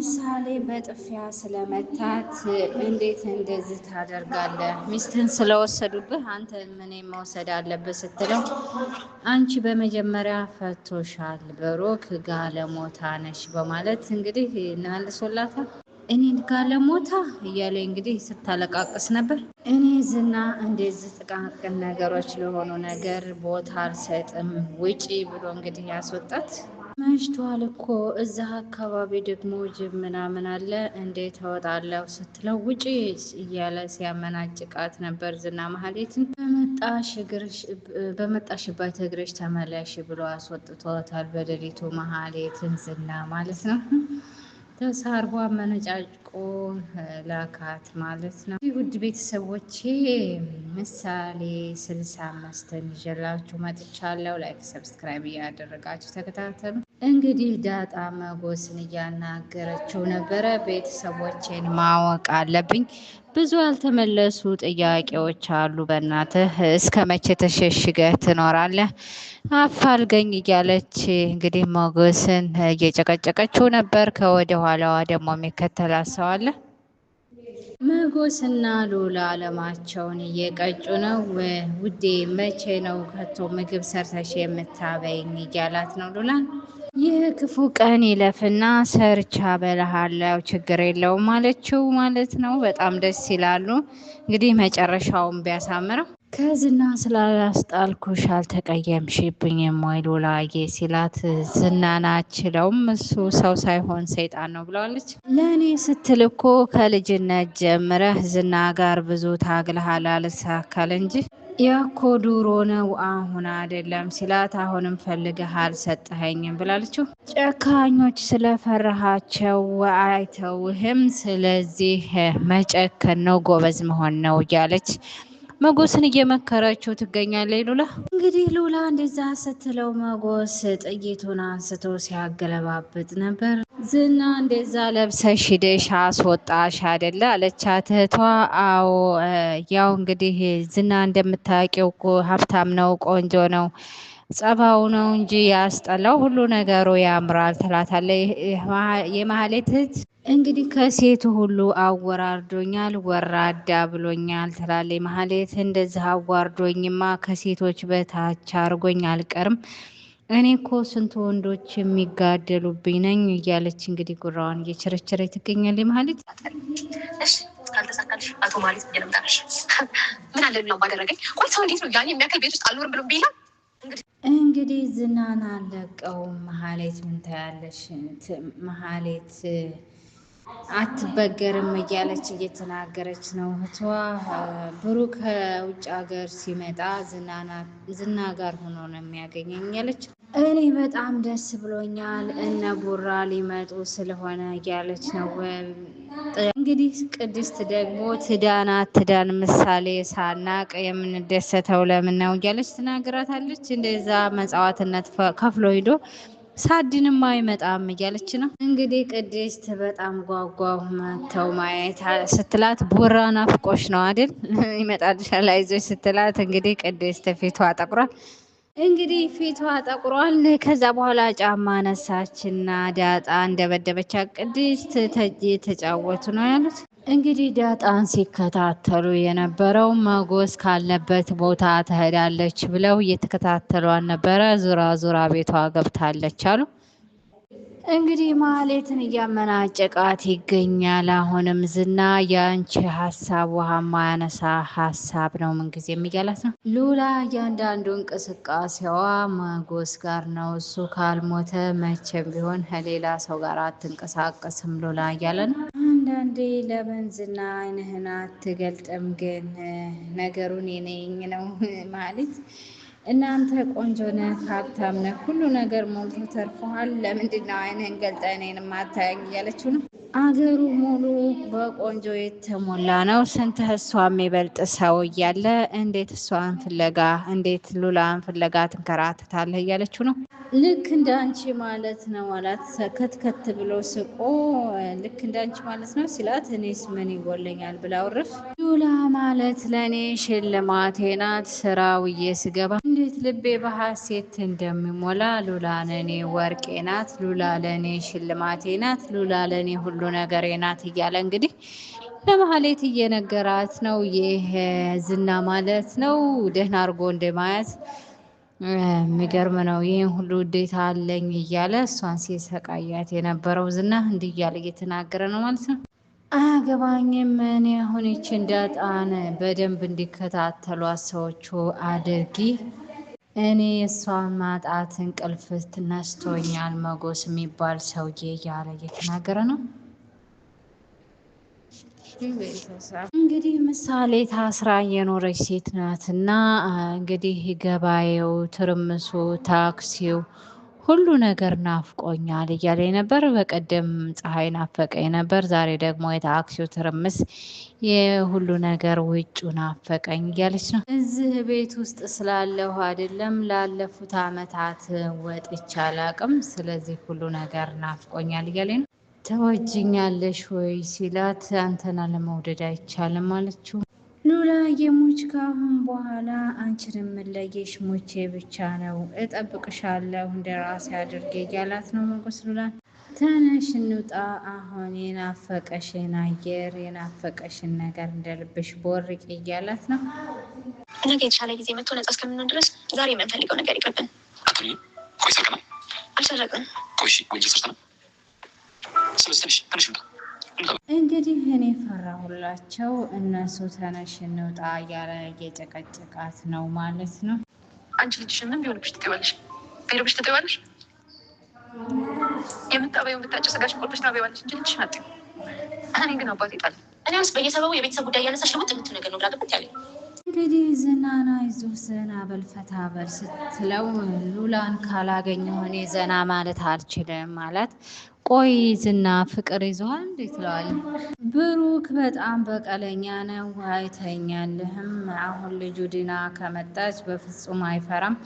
ምሳሌ በጥፊያ ስለመታት እንዴት እንደዚህ ታደርጋለህ? ሚስትን ስለወሰዱብህ አንተ ምን መውሰድ አለብህ ስትለው አንቺ በመጀመሪያ ፈቶሻል፣ በሮክ ጋለሞታ ነሽ በማለት እንግዲህ እናልሶላታ እኔን ጋለሞታ እያለ እንግዲህ ስታለቃቅስ ነበር። እኔ ዝና እንደዚህ ጥቃቅን ነገሮች ለሆኑ ነገር ቦታ አልሰጥም ውጪ ብሎ እንግዲህ ያስወጣት መሽቷል እኮ እዛ አካባቢ ደግሞ ጅብ ምናምን አለ እንዴት እወጣለሁ ስትለው ውጪ እያለ ሲያመናጭቃት ነበር ዝና ማህሌትን። በመጣሽባት እግርሽ ተመለሽ ብሎ አስወጥቶታል። በሌሊቱ ማህሌትን ዝና ማለት ነው። ተሳርቧ መነጫጭቆ ላካት ማለት ነው። ውድ ቤተሰቦቼ ምሳሌ ስልሳ አምስትን ይዤላችሁ መጥቻለሁ። ላይክ ሰብስክራይብ እያደረጋችሁ ተከታተሉ። እንግዲህ ዳጣ መጎስን እያናገረችው ነበረ። ቤተሰቦቼን ማወቅ አለብኝ። ብዙ ያልተመለሱ ጥያቄዎች አሉ። በእናትህ እስከ መቼ ተሸሽገህ ትኖራለህ? አፋልገኝ እያለች እንግዲህ መጎስን እየጨቀጨቀችው ነበር። ከወደ ኋላዋ ደግሞ የሚከተላት ሰው አለ። መጎስና ሉላ አለማቸውን እየቀጩ ነው። ውዴ መቼ ነው ከቶ ምግብ ሰርተሽ የምታበይኝ? እያላት ነው ሉላን። ይህ ክፉ ቀን ይለፍና ሰርቻ በልሃለው ችግር የለውም አለችው ማለት ነው። በጣም ደስ ይላሉ እንግዲህ መጨረሻውን ቢያሳምረው ከዝና ስላላስጣልኩሽ አልተቀየምሽብኝም ወይ ሉላዬ ሲላት ዝናን አችለውም እሱ ሰው ሳይሆን ሰይጣን ነው ብለዋለች። ለእኔ ስትል እኮ ከልጅነት ጀምረህ ዝና ጋር ብዙ ታግልሃል አልሳካል እንጂ ያኮ ዱሮ ነው አሁን አይደለም ሲላት አሁንም ፈልገህ አልሰጠኸኝም ብላለችው። ጨካኞች ስለፈራሃቸው አይተውህም። ስለዚህ መጨከን ነው ጎበዝ መሆን ነው እያለች መጎስን እየመከረችው ትገኛለች። ሉላ እንግዲህ ሉላ እንደዛ ስትለው መጎስ ጥይቱን አንስቶ ሲያገለባብጥ ነበር። ዝና እንደዛ ለብሰሽ ሂደሽ አስወጣሽ አይደለ አለቻት እህቷ። አዎ ያው እንግዲህ ዝና እንደምታውቂው ሀብታም ነው፣ ቆንጆ ነው ጸባው ነው እንጂ ያስጠላው ሁሉ ነገሩ ያምራል ትላታለች የማህሌት እህት። እንግዲህ ከሴቱ ሁሉ አወራርዶኛል፣ ወራዳ ብሎኛል ትላለች ማህሌት። እንደዚህ አዋርዶኝማ ከሴቶች በታች አድርጎኝ አልቀርም እኔ እኮ ስንት ወንዶች የሚጋደሉብኝ ነኝ እያለች እንግዲህ ጉራዋን እየችረችረ ትገኛለች ማህሌት። እሺ ካልተሳካልሽ አቶ ማህሌት ምን አለ ነው ባደረገኝ። ቆይ ሰው እንዴት ነው ያኔ የሚያክል ቤት ውስጥ አልኖርም ብሎ ይላል እንግዲህ ዝናን አለቀው መሀሌት ምን ታያለሽ? መሀሌት አትበገርም እያለች እየተናገረች ነው እህቷ። ብሩክ ከውጭ ሀገር ሲመጣ ዝና ጋር ሆኖ ነው የሚያገኘኝ ያለች። እኔ በጣም ደስ ብሎኛል፣ እነ ቡራ ሊመጡ ስለሆነ እያለች ነው። እንግዲህ ቅድስት ደግሞ ትዳና ትዳን ምሳሌ ሳናቅ የምንደሰተው ለምን ነው እያለች ትናገራታለች። እንደዛ መጽዋትነት ከፍሎ ሂዶ ሳዲንም አይመጣም እያለች ነው እንግዲህ። ቅድስት በጣም ጓጓው መተው ማየት ስትላት ቦራ ናፍቆሽ ነው አይደል ይመጣልሻል፣ አይዞሽ ስትላት እንግዲህ ቅድስት ፊቷ ጠቁሯል። እንግዲህ ፊቷ ጠቁሯል። ከዛ በኋላ ጫማ ነሳችና ዳጣ እንደበደበቻ ቅድስት ተጫወቱ ነው ያሉት። እንግዲህ ዳጣን ሲከታተሉ የነበረው መጎስ ካለበት ቦታ ትሄዳለች ብለው እየተከታተሏን ነበረ። ዙራ ዙራ ቤቷ ገብታለች አሉ። እንግዲህ ማህሌትን እያመናጨቃት ይገኛል። አሁንም ዝና የአንቺ ሀሳብ ውሃ ማያነሳ ሀሳብ ነው ምንጊዜም እያላት ነው። ሉላ እያንዳንዱ እንቅስቃሴዋ መጎስ ጋር ነው። እሱ ካልሞተ መቼም ቢሆን ከሌላ ሰው ጋር አትንቀሳቀስም ሉላ እያለ ነው አንዳንዴ ለበንዝና አይንህን አትገልጥም። ግን ነገሩን የኔኝ ነው ማለት እናንተ ቆንጆ ነህ፣ ሀብታም ነህ፣ ሁሉ ነገር ሞልቶ ተርፎሃል። ለምንድን ነው አይንህን ገልጠህ እኔን ማታየኝ? እያለችው ነው። አገሩ ሙሉ በቆንጆ የተሞላ ነው። ስንት እሷ የሚበልጥ ሰው እያለ እንዴት እሷን ፍለጋ እንዴት ሉላን ፍለጋ ትንከራትታለህ? እያለችው ነው። ልክ እንደ አንቺ ማለት ነው አላት ከትከት ብሎ ስቆ። ልክ እንደ አንቺ ማለት ነው ሲላት እኔስ ምን ይጎለኛል ብላ ውርፍ ሉላ ማለት ለእኔ ሽልማቴ ናት ስራ ውዬ ስገባ እንዴት ልቤ በሐሴት እንደሚሞላ ሉላ ለኔ ወርቄ ናት፣ ሉላ ለኔ ሽልማቴ ናት፣ ሉላ ለኔ ሁሉ ነገሬ ናት እያለ እንግዲህ ለማህሌት እየነገራት ነው። ይህ ዝና ማለት ነው ደህና አድርጎ እንደማያት የሚገርም ነው። ይህን ሁሉ ውዴታ አለኝ እያለ እሷን ሲሰቃያት የነበረው ዝና እንዲህ እያለ እየተናገረ ነው ማለት ነው። አገባኝም እኔ አሁን ይች እንዳጣን በደንብ እንዲከታተሏት ሰዎቹ አድርጊ እኔ እሷን ማጣት እንቅልፍ ትነስቶኛል፣ መጎስ የሚባል ሰውዬ እያለ እየተናገረ ነው። እንግዲህ ምሳሌ ታስራ የኖረች ሴት ናት እና እንግዲህ ገበያው፣ ትርምሱ፣ ታክሲው ሁሉ ነገር ናፍቆኛል እያለ ነበር። በቀደም ፀሐይ ናፈቀ ነበር፣ ዛሬ ደግሞ የታክሲው ትርምስ የሁሉ ነገር ውጩ ናፈቀኝ እያለች ነው። እዚህ ቤት ውስጥ ስላለሁ አይደለም ላለፉት አመታት ወጥቼ አላቅም፣ ስለዚህ ሁሉ ነገር ናፍቆኛል እያለ ነው። ተወጅኛለሽ ወይ ሲላት አንተና ለመውደድ አይቻልም አለችው። ሉላ የሙች ካሁን በኋላ አንቺንም መለየሽ ሙቼ ብቻ ነው እጠብቅሻለሁ እንደ ራሴ አድርጌ እያላት ነው ሞገስ ሉላን ተነሽ እንውጣ አሁን የናፈቀሽን አየር የናፈቀሽን ነገር እንደልብሽ ቦርቅ እያላት ነው ነገ የተሻለ ጊዜ መጥቶ ነጻ እስከምንሆን ድረስ ዛሬ የምንፈልገው ነገር ይቅርብን አልሰረቅንም እንግዲህ እኔ ፈራሁላቸው። እነሱ ተነሽ እንውጣ እያለ የጨቀጨቃት ነው ማለት ነው። አንቺ ልጅሽንም ቢሆንብሽ ትገባለሽ፣ ቢሆንብሽ ትገባለሽ። የምታበይውን ብታጭ ስጋሽ ቆርበሽ ታበይዋለሽ እንጂ ልጅሽ ናት። እኔ ግን አባት ይጣል እኔ ስ በየሰበቡ የቤተሰብ ጉዳይ እያነሳሽ ለሞት የምትል ነገር ነው ብላ ግበት ያለ እንግዲህ ዝናና ይዞ ዘና በል ፈታ በል ስትለው ሉላን ካላገኘሁ እኔ ዘና ማለት አልችልም ማለት ቆይ ዝና ፍቅር ይዞሃል እንዴ? ትለዋለህ። ብሩክ በጣም በቀለኛ ነው፣ አይተኛልህም። አሁን ልጁ ድና ከመጣች በፍጹም አይፈራም።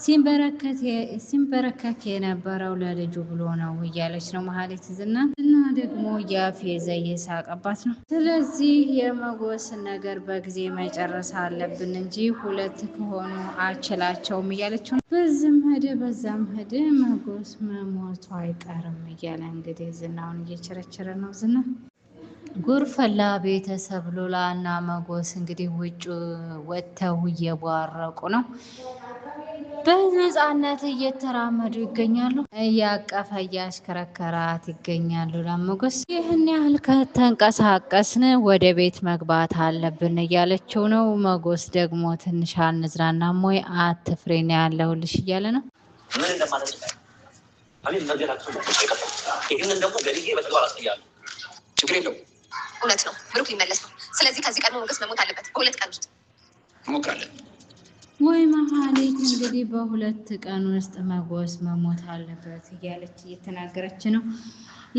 ሲንበረከክ የነበረው ለልጁ ብሎ ነው እያለች ነው መሀሌት ዝና እና ደግሞ ያፌዘ የሳቀባት ነው። ስለዚህ የመጎስ ነገር በጊዜ መጨረስ አለብን እንጂ ሁለት ከሆኑ አችላቸውም እያለች ነው። በዝም ሄደ በዛም ሄደ መጎስ መሞቱ አይቀርም እያለ እንግዲህ ዝናውን እየቸረቸረ ነው። ዝና ጉርፈላ ቤተሰብ ሉላ እና መጎስ እንግዲህ ውጭ ወጥተው እየቧረቁ ነው። በነፃነት እየተራመዱ ይገኛሉ። እያቀፈ እያሽከረከራት ይገኛሉ። ለሞገስ ይህን ያህል ከተንቀሳቀስን ወደ ቤት መግባት አለብን እያለችው ነው። መጎስ ደግሞ ትንሽ አልንዝራና ሞይ አትፍሬን ያለውልሽ እያለ ነው። ችግር የለውም። እውነት ነው ብሩክ ሊመለስ ነው። ስለዚህ ከዚህ ቀድሞ ሞገስ መሞት አለበት። በሁለት ቀን ውስጥ ሞካለን ወይ መሀሌት እንግዲህ በሁለት ቀን ውስጥ መጎስ መሞት አለበት እያለች እየተናገረች ነው።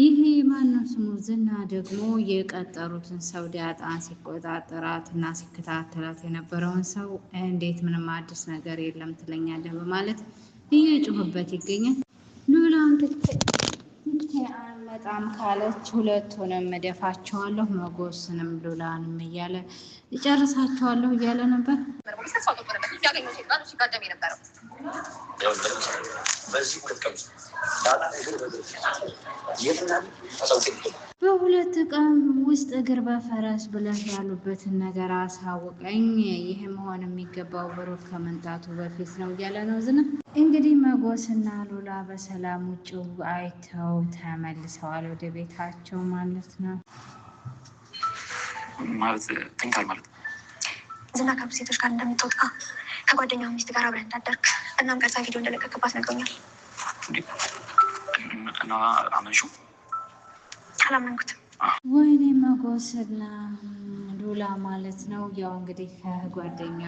ይሄ ማነው ስሙ ዝና ደግሞ የቀጠሩትን ሰው ዳጣን ሲቆጣጠራት እና ሲከታተላት የነበረውን ሰው እንዴት ምንም አዲስ ነገር የለም ትለኛለህ በማለት እየጮህበት ይገኛል። ሉላን በጣም ካለች ሁለት ሆነን መደፋቸዋለሁ፣ መጎስንም ሉላንም እያለ እጨርሳቸዋለሁ እያለ ነበር። በዚህ በሁለት ቀን ውስጥ እግር በፈረስ ብለህ ያሉበትን ነገር አሳውቀኝ። ይህ መሆን የሚገባው ብሩክ ከመንጣቱ በፊት ነው እያለ ነው ዝና። እንግዲህ መጎስና ሉላ በሰላም ውጭ አይተው ተመልሰዋል ወደ ቤታቸው ማለት ነው። ማለት ተኝታል ማለት ነው። ዝና ከብዙ ሴቶች ጋር እንደምትወጣ ከጓደኛው ሚስት ጋር አብረህ እንዳደርግ እናም ቀርጻ ቪዲዮ እንደለቀቅባት ነግሮኛል እና አመንሽው አላመንኩትም። ወይኔ መጎስና ዱላ ማለት ነው። ያው እንግዲህ ከጓደኛ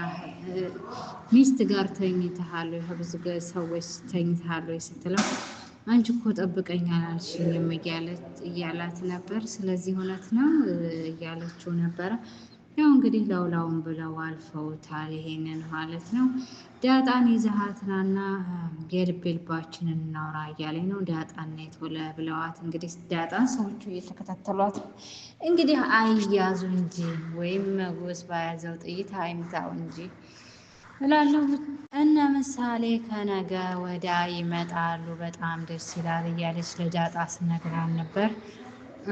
ሚስት ጋር ተኝተሃል ከብዙ ሰዎች ተኝተሃል ስትለው አንቺ እኮ ጠብቀኝ አላልሽኝም እያላት ነበር። ስለዚህ እውነት ነው እያለችው ነበረ። ያው እንግዲህ ለውላውን ብለው አልፈውታል። ይሄንን ማለት ነው። ዳጣን ይዘሃትናና የልብ ልባችንን እናውራ እያለኝ ነው። ዳጣን የቶለ ብለዋት እንግዲህ ዳጣን ሰዎቹ እየተከታተሏት እንግዲህ አይያዙ እንጂ ወይም መጎስ ባያዘው ጥይት አይምታው እንጂ እላለሁ። እነ ምሳሌ ከነገ ወዳ ይመጣሉ፣ በጣም ደስ ይላል እያለች ለዳጣ ስነግራን ነበር።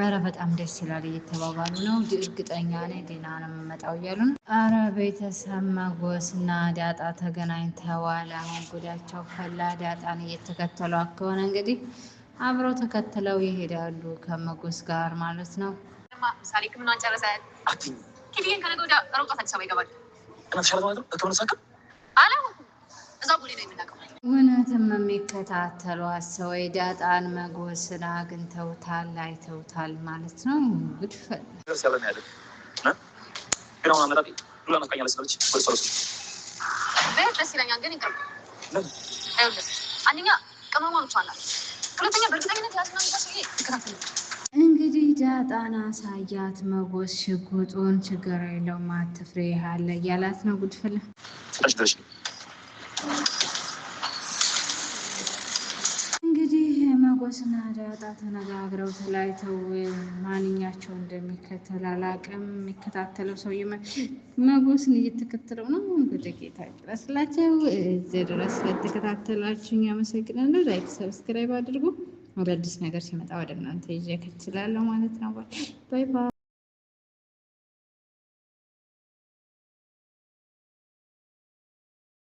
ኧረ በጣም ደስ ይላል እየተባባሉ ነው። እርግጠኛ ነኝ ጤና ነው የምመጣው እያሉ ነው። ኧረ ቤተሰብ መጎስ እና ዳጣ ተገናኝተዋል። አሁን ጉዳቸው ፈላ። ዳጣን እየተከተሉ ከሆነ እንግዲህ አብረው ተከትለው ይሄዳሉ ከመጎስ ጋር ማለት ነው። ጨረሰ ይገባል እዛ ቦሌ ነው የምናውቀው። እውነትም የሚከታተሏት ሰው የዳጣን መጎስን አግኝተውታል፣ አይተውታል ማለት ነው። ጉድፈል ደስ ይለኛል ግን አንደኛ እንግዲህ ዳጣን አሳያት። መጎስ ሽጉጡን ችግር የለውም አትፍሬ ያለ እያላት ነው ጉድፍላ ሞገስና ዳጣ ተነጋግረው ተለያይተው ማንኛቸው እንደሚከተል አላውቅም። የሚከታተለው ሰው ሞገስን እየተከተለው ነው። እንግዲህ ጌታ ይድረስላቸው። እዚህ ድረስ ስለተከታተላችሁ አመሰግናለሁ። ላይክ፣ ሰብስክራይብ አድርጉ። አዳዲስ ነገር ሲመጣ ወደ እናንተ ይዤ እችላለሁ ማለት ነው። ባይ ባይ።